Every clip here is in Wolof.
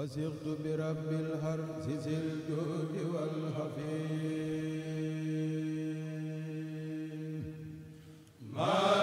فزغت برب الهرز ذي الجود والحفيظ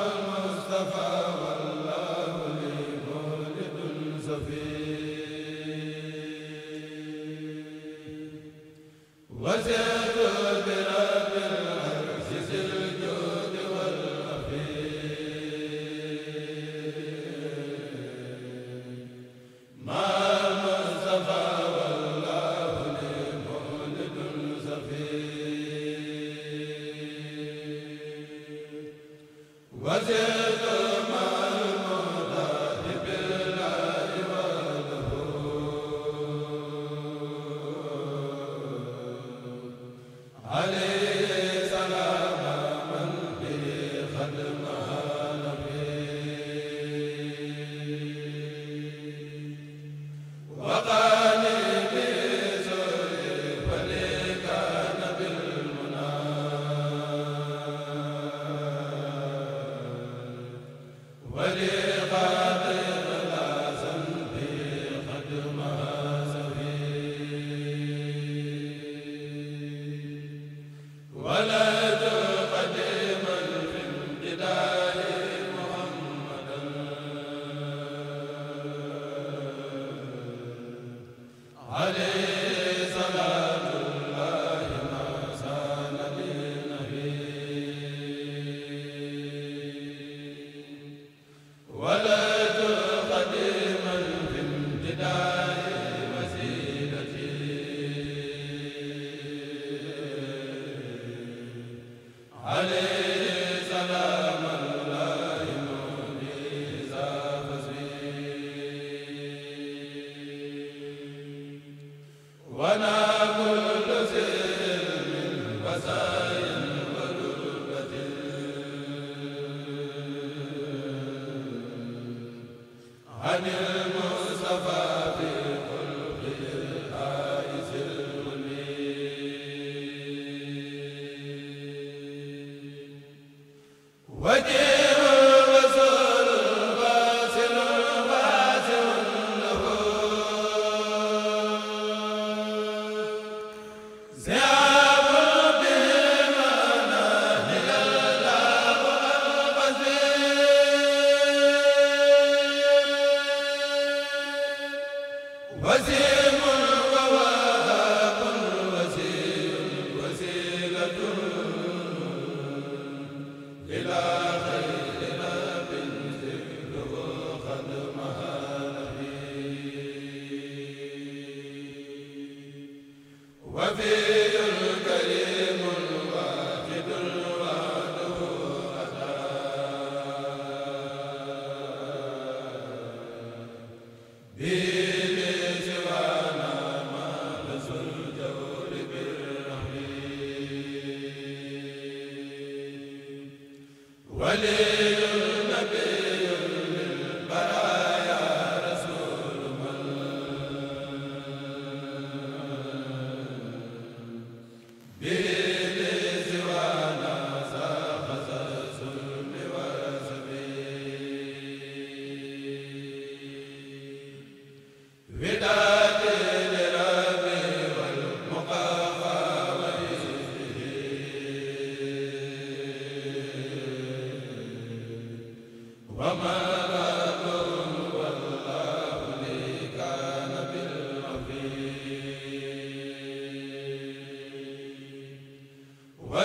wa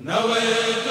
nawee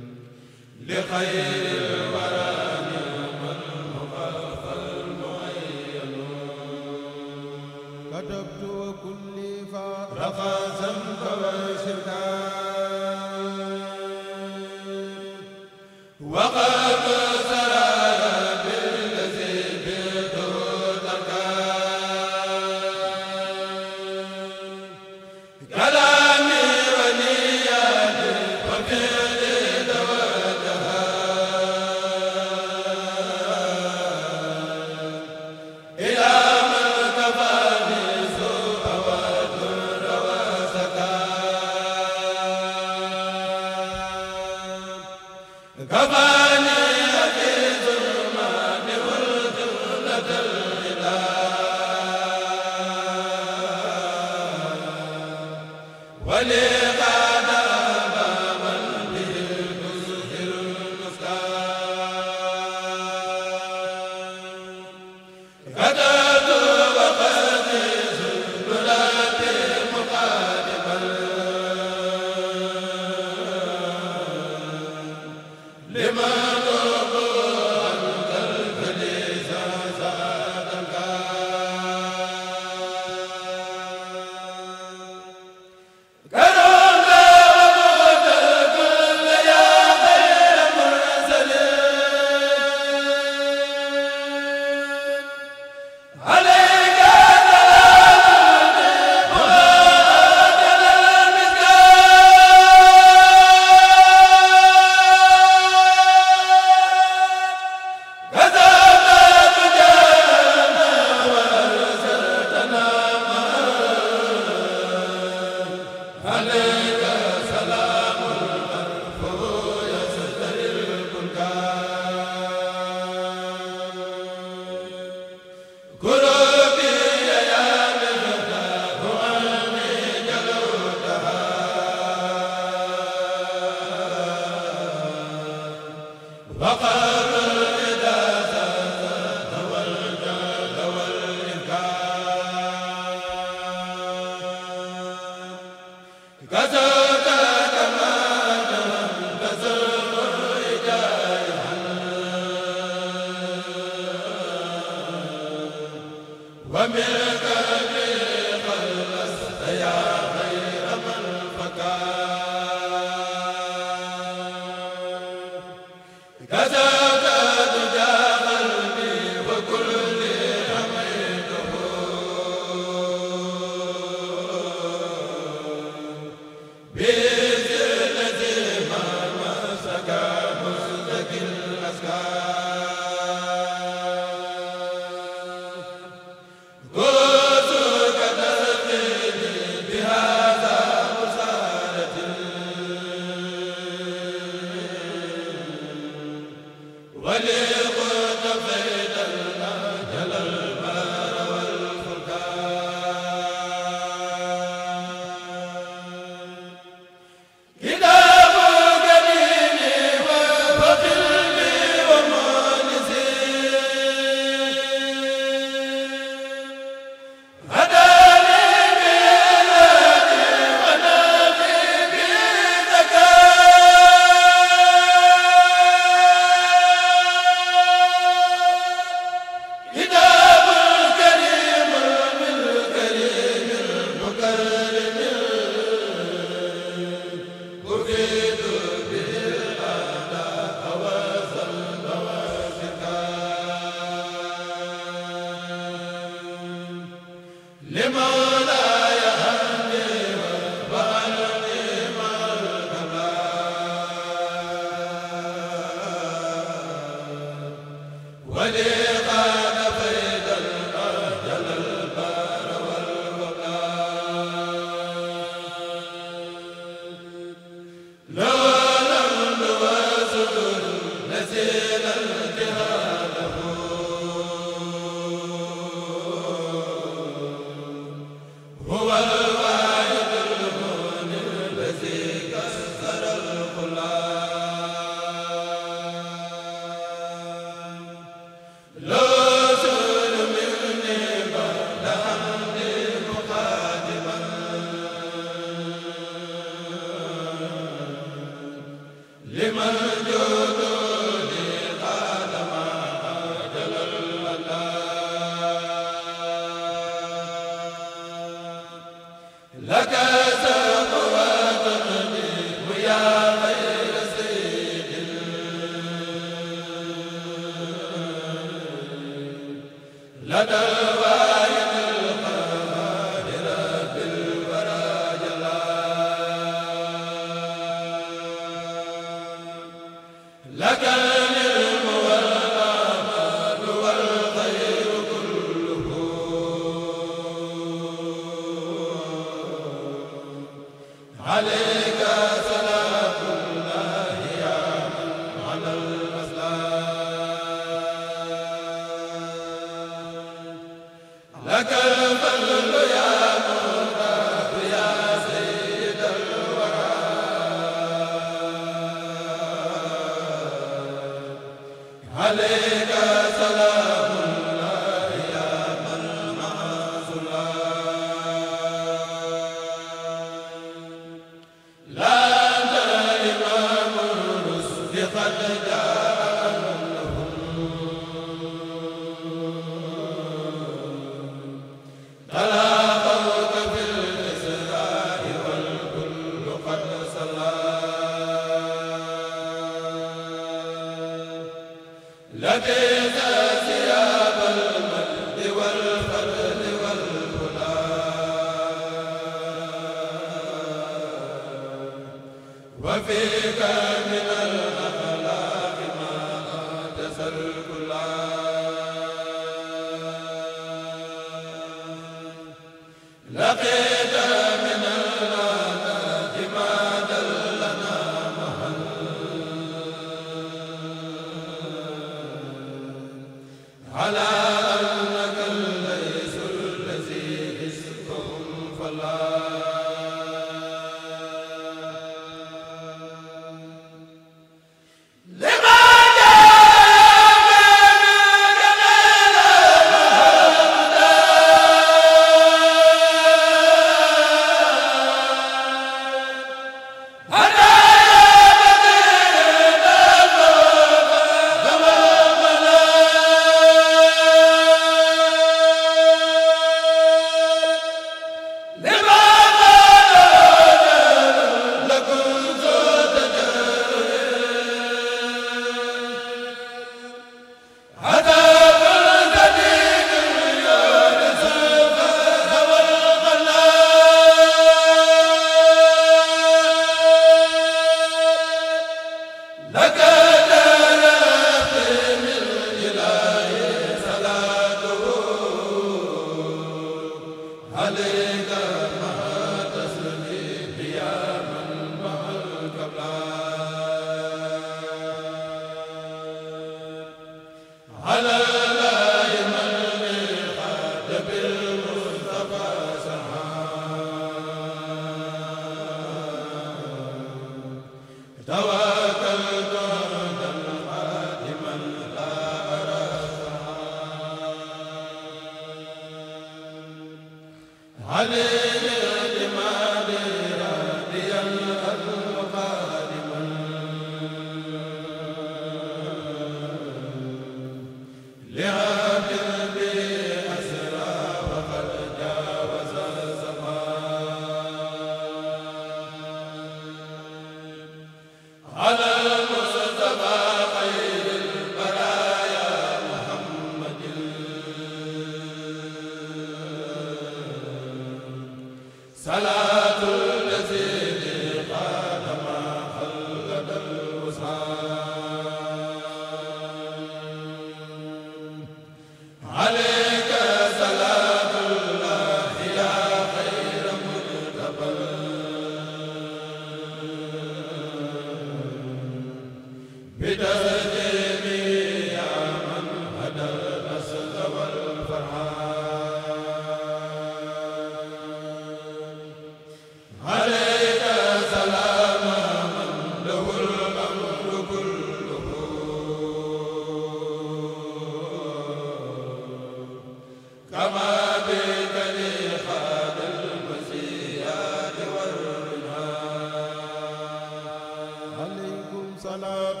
صلاة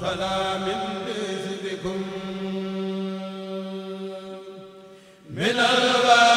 سلام بسدكم من الوالد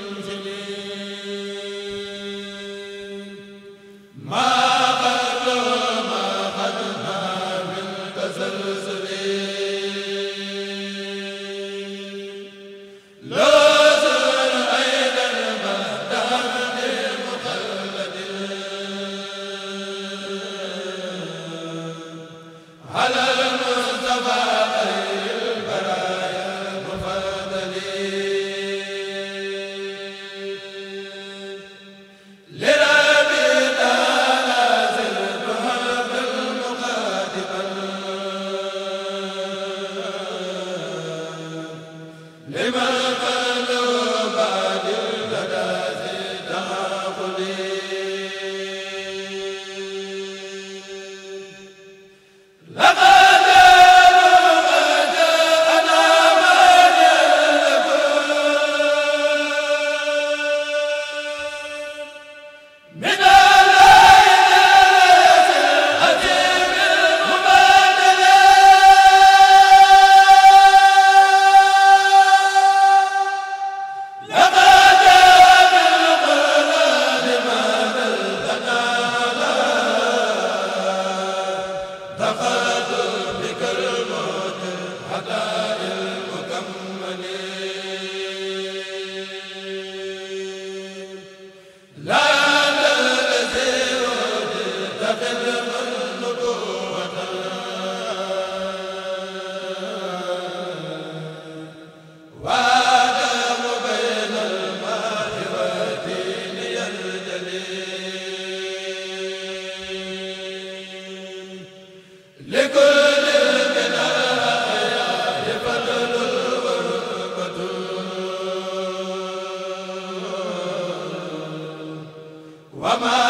yoon wama